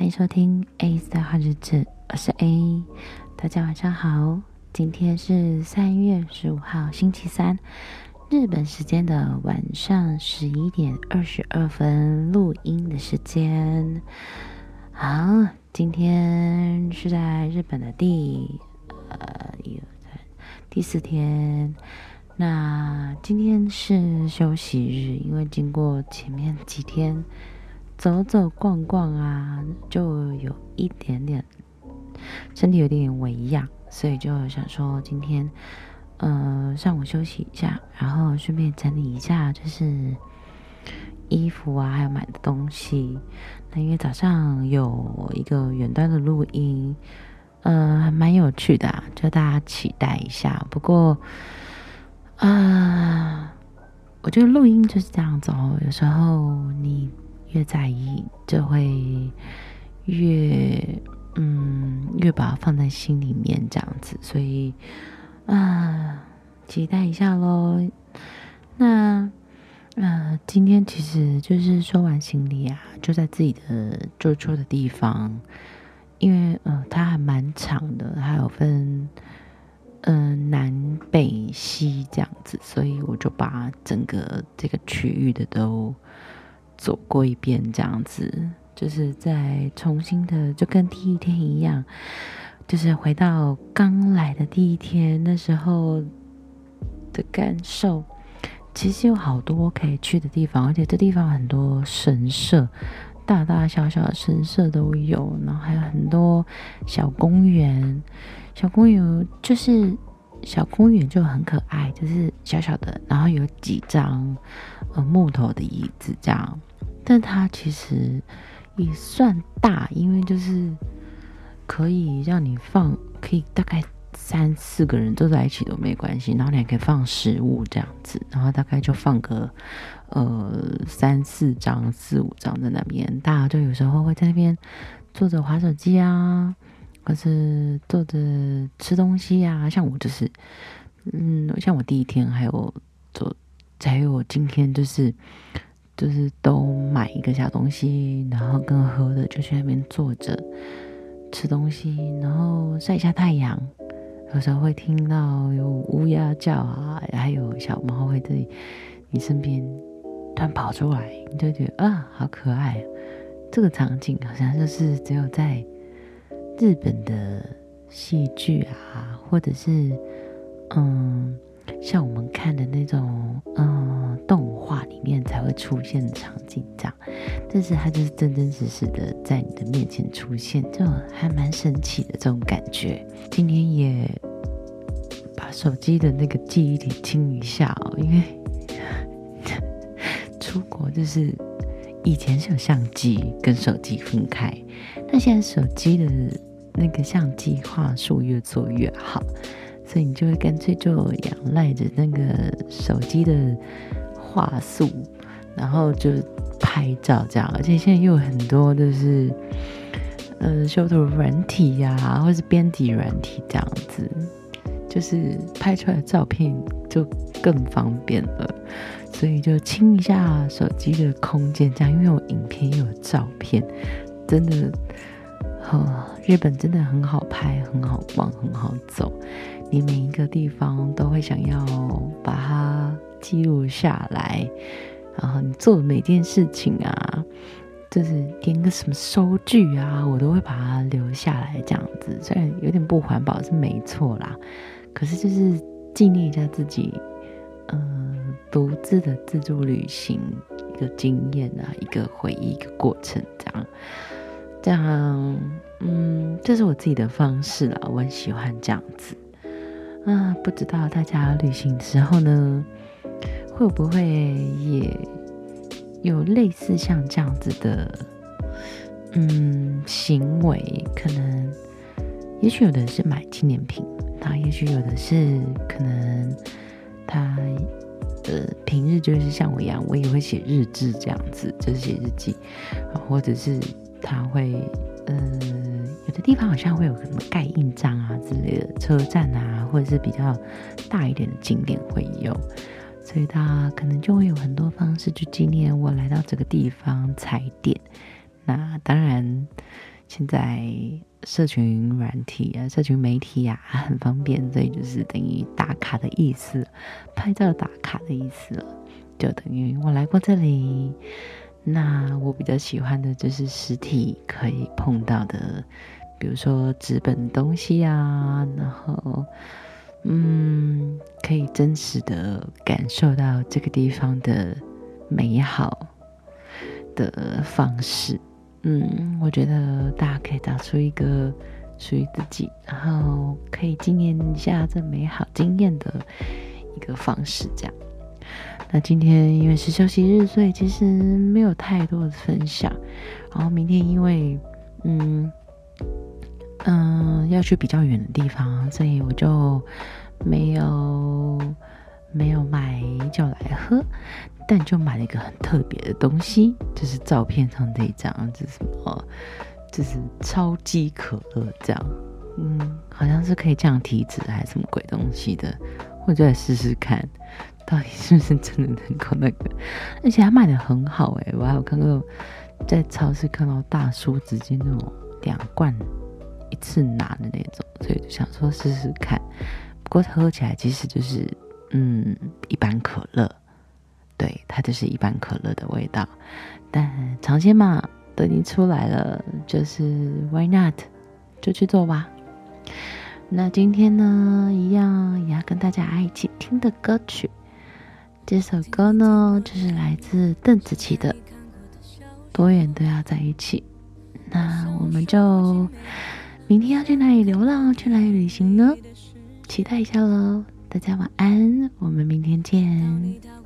歡迎收聽 A 的好日子，我是 A。大家晚上好，今天是三月十五號，星期三，日本時間的晚上十一點二十二分錄音的時間。好，今天是在日本的第呃有在第四天，那今天是休息日，因為經過前面幾天。走走逛逛啊，就有一點點身體有點微恙，所以就想說今天呃上午休息一下，然後順便整理一下就是衣服啊，還有買的東西。那因為早上有一個遠端的錄音，呃，還蠻有趣的、啊，就大家期待一下。不過啊、呃，我覺得錄音就是這樣子、哦，有時候你。越在意就會越嗯，越把它放在心裡面這樣子，所以啊、呃，期待一下嘍。那呃今天其實就是收完行李啊，就在自己的住處的地方，因為呃，它還蠻長的，還有分嗯、呃、南北西這樣子，所以我就把整個這個區域的都。走過一遍，這樣子，就是再重新的，就跟第一天一樣，就是回到剛來的第一天那時候的感受。其實有好多可以去的地方，而且這地方很多神社，大大小小的神社都有，然後還有很多小公園。小公園就是小公園就很可愛，就是小小的，然後有幾張呃木頭的椅子這樣。但它其實也算大，因為就是可以讓你放，可以大概三四個人坐在一起都沒關係。然後你還可以放食物這樣子，然後大概就放個呃三四張、四五張在那邊。大家就有時候會在那邊坐着滑手機啊，或是坐着吃東西啊。像我就是，嗯，像我第一天還有昨，還有我今天就是。就是都買一個小東西，然後跟喝的就去那邊坐着吃東西，然後曬一下太陽。有時候會聽到有烏鴉叫啊，還有小貓會在你身邊突然跑出來，你就覺得啊好可愛啊。這個場景好像就是只有在日本的戲劇啊，或者是嗯，像我們看的那種嗯動物。裡面才會出現的場景，這樣，但是它就是真真實實的在你的面前出現，就還蠻神奇的這種感覺。今天也把手機的那個記憶體清一下哦，因為出國就是以前是有相機跟手機分開，但現在手機的那個相機畫素越做越好，所以你就會乾脆就仰賴着那個手機的。畫素，然後就拍照這樣，而且現在又有很多就是，嗯、呃，修圖軟體呀、啊，或是編輯軟體這樣子，就是拍出來的照片就更方便了。所以就清一下手機的空間，這樣，因為我影片，又有照片，真的，啊，日本真的很好拍，很好逛，很好走，你每一個地方都會想要把它。記錄下來，然後你做每件事情啊，就是填個什麼收據啊，我都會把它留下來，這樣子。雖然有點不環保是沒錯啦，可是就是紀念一下自己，嗯，獨自的自助旅行一個經驗啊，一個回憶一個過程這樣。這樣，嗯，這是我自己的方式啦，我很喜歡這樣子啊，嗯。不知道大家旅行的時候呢，會不會也有類似像這樣子的，嗯，行為？可能，也許有的是買紀念品，他、啊、也許有的是可能他呃平日就是像我一樣，我也會寫日誌這樣子，就是寫日記、啊，或者是他會呃有的地方好像會有什麼蓋印章啊之類的，車站啊，或者是比較大一點的景點會有。所以他可能就會有很多方式去紀念我來到這個地方踩點。那當然，現在社群軟體啊、社群媒體啊，很方便，所以就是等於打卡的意思，拍照打卡的意思了，就等於我來過這裡。那我比較喜歡的就是實體可以碰到的，比如說紙本東西啊，然後。嗯，可以真實的感受到這個地方的美好的方式。嗯，我覺得大家可以找出一個屬於自己，然後可以紀念一下這美好經驗的一個方式。這樣。那今天因為是休息日，所以其實沒有太多的分享。然後明天因為嗯。嗯，要去比較遠的地方，所以我就沒有沒有買酒來喝。但就買了一個很特別的東西，就是照片上這一張，這是什麼？就是超刺激可樂，這樣。嗯，好像是可以降體脂還是什麼鬼東西的，我就來試試看，到底是不是真的能夠那個。而且它賣得很好哎、欸，我還有看過在超市看到大叔直接那種兩罐，一次拿的那種，所以就想說試試看。不過喝起來其實就是，嗯，一般可樂。對，它就是一般可樂的味道。但嘗鮮嘛，都已經出來了，就是 why not，就去做吧。那今天呢，一樣也要跟大家一起聽的歌曲，這首歌呢就是來自鄧紫棋的《多遠都要在一起》。那我們就。明天要去哪裡流浪，去哪裡旅行呢？期待一下嘍。大家晚安，我們明天見。